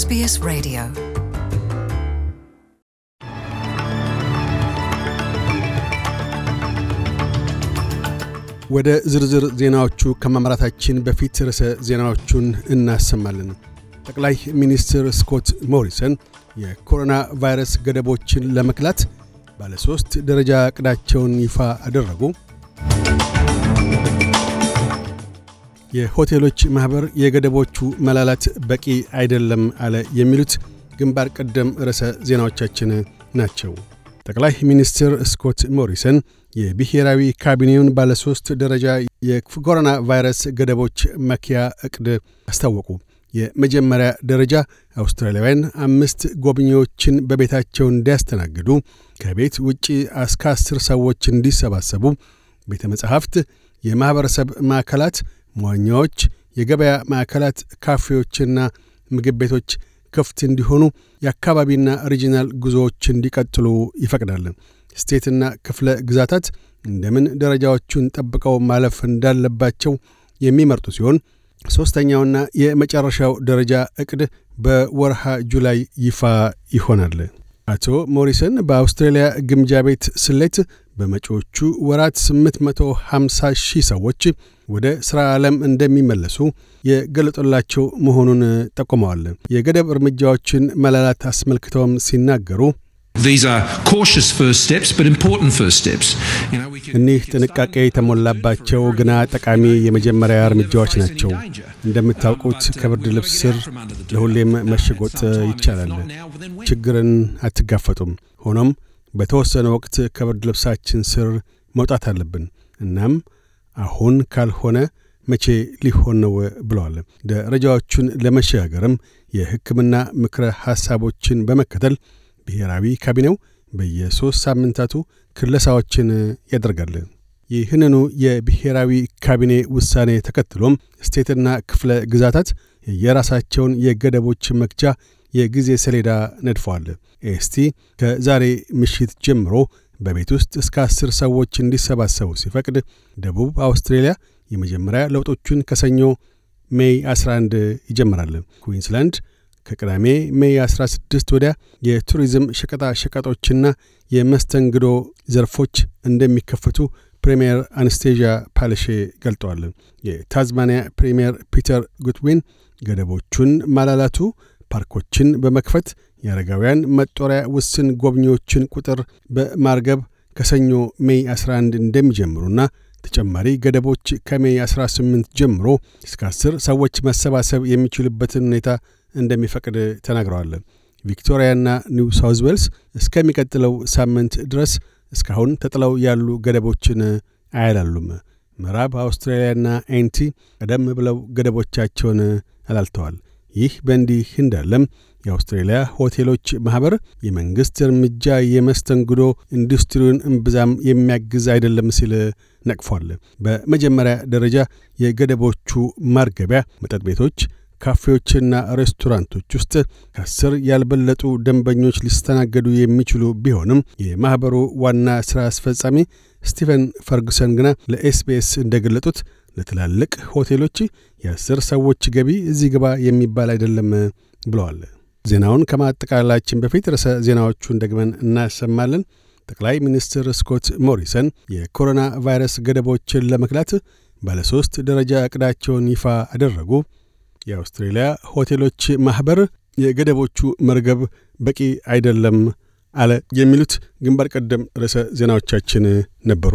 SBS Radio. ወደ ዝርዝር ዜናዎቹ ከማምራታችን በፊት ርዕሰ ዜናዎቹን እናሰማለን። ጠቅላይ ሚኒስትር ስኮት ሞሪሰን የኮሮና ቫይረስ ገደቦችን ለመክላት ባለሦስት ደረጃ ዕቅዳቸውን ይፋ አደረጉ። የሆቴሎች ማኅበር የገደቦቹ መላላት በቂ አይደለም አለ የሚሉት ግንባር ቀደም ርዕሰ ዜናዎቻችን ናቸው። ጠቅላይ ሚኒስትር ስኮት ሞሪሰን የብሔራዊ ካቢኔውን ባለሦስት ደረጃ የኮሮና ቫይረስ ገደቦች መኪያ ዕቅድ አስታወቁ። የመጀመሪያ ደረጃ አውስትራሊያውያን አምስት ጎብኚዎችን በቤታቸው እንዲያስተናግዱ፣ ከቤት ውጪ እስከ አስር ሰዎች እንዲሰባሰቡ፣ ቤተ መጻሕፍት፣ የማኅበረሰብ ማዕከላት፣ መዋኛዎች፣ የገበያ ማዕከላት፣ ካፌዎችና ምግብ ቤቶች ክፍት እንዲሆኑ የአካባቢና ሪጂናል ጉዞዎች እንዲቀጥሉ ይፈቅዳል። ስቴትና ክፍለ ግዛታት እንደምን ደረጃዎቹን ጠብቀው ማለፍ እንዳለባቸው የሚመርጡ ሲሆን ሦስተኛውና የመጨረሻው ደረጃ እቅድ በወርሃ ጁላይ ይፋ ይሆናል። አቶ ሞሪሰን በአውስትራሊያ ግምጃ ቤት ስሌት በመጪዎቹ ወራት 850 ሺህ ሰዎች ወደ ሥራ ዓለም እንደሚመለሱ የገለጡላቸው መሆኑን ጠቁመዋል። የገደብ እርምጃዎችን መላላት አስመልክተውም ሲናገሩ እኒህ ጥንቃቄ የተሞላባቸው ግና ጠቃሚ የመጀመሪያ እርምጃዎች ናቸው። እንደምታውቁት uh, ከብርድ ልብስ ስር ለሁሌም መሸጎጥ ይቻላል። ችግርን አትጋፈጡም። ሆኖም በተወሰነ ወቅት ከብርድ ልብሳችን ስር መውጣት አለብን። እናም አሁን ካልሆነ መቼ ሊሆን ነው ብለዋል። ደረጃዎቹን ለመሸጋገርም የሕክምና ምክረ ሐሳቦችን በመከተል ብሔራዊ ካቢኔው በየሦስት ሳምንታቱ ክለሳዎችን ያደርጋል። ይህንኑ የብሔራዊ ካቢኔ ውሳኔ ተከትሎም ስቴትና ክፍለ ግዛታት የየራሳቸውን የገደቦች መግቻ የጊዜ ሰሌዳ ነድፏል። ኤስቲ ከዛሬ ምሽት ጀምሮ በቤት ውስጥ እስከ አስር ሰዎች እንዲሰባሰቡ ሲፈቅድ ደቡብ አውስትሬልያ የመጀመሪያ ለውጦቹን ከሰኞ ሜይ 11 ይጀምራል። ኩዊንስላንድ ከቅዳሜ ሜይ 16 ወዲያ የቱሪዝም ሸቀጣ ሸቀጦችና የመስተንግዶ ዘርፎች እንደሚከፈቱ ፕሪምየር አነስቴዥያ ፓለሼ ገልጠዋል። የታዝማኒያ ፕሪምየር ፒተር ጉትዊን ገደቦቹን ማላላቱ ፓርኮችን በመክፈት የአረጋውያን መጦሪያ ውስን ጎብኚዎችን ቁጥር በማርገብ ከሰኞ ሜይ 11 እንደሚጀምሩና ተጨማሪ ገደቦች ከሜይ 18 ጀምሮ እስከ 10 ሰዎች መሰባሰብ የሚችሉበትን ሁኔታ እንደሚፈቅድ ተናግረዋል። ቪክቶሪያና ኒው ሳውዝ ዌልስ እስከሚቀጥለው ሳምንት ድረስ እስካሁን ተጥለው ያሉ ገደቦችን አያላሉም። ምዕራብ አውስትራሊያና ኤንቲ ቀደም ብለው ገደቦቻቸውን አላልተዋል። ይህ በእንዲህ እንዳለም የአውስትሬልያ ሆቴሎች ማኅበር የመንግሥት እርምጃ የመስተንግዶ ኢንዱስትሪውን እምብዛም የሚያግዝ አይደለም ሲል ነቅፏል። በመጀመሪያ ደረጃ የገደቦቹ ማርገቢያ መጠጥ ቤቶች ካፌዎችና ሬስቶራንቶች ውስጥ ከአስር ያልበለጡ ደንበኞች ሊስተናገዱ የሚችሉ ቢሆንም የማኅበሩ ዋና ሥራ አስፈጻሚ ስቲቨን ፈርጉሰን ግና ለኤስቢኤስ እንደገለጡት ለትላልቅ ሆቴሎች የአስር ሰዎች ገቢ እዚህ ግባ የሚባል አይደለም ብለዋል። ዜናውን ከማጠቃላችን በፊት ርዕሰ ዜናዎቹን ደግመን እናሰማለን። ጠቅላይ ሚኒስትር ስኮት ሞሪሰን የኮሮና ቫይረስ ገደቦችን ለመክላት ባለሦስት ደረጃ ዕቅዳቸውን ይፋ አደረጉ። የአውስትሬልያ ሆቴሎች ማኅበር የገደቦቹ መርገብ በቂ አይደለም አለ። የሚሉት ግንባር ቀደም ርዕሰ ዜናዎቻችን ነበሩ።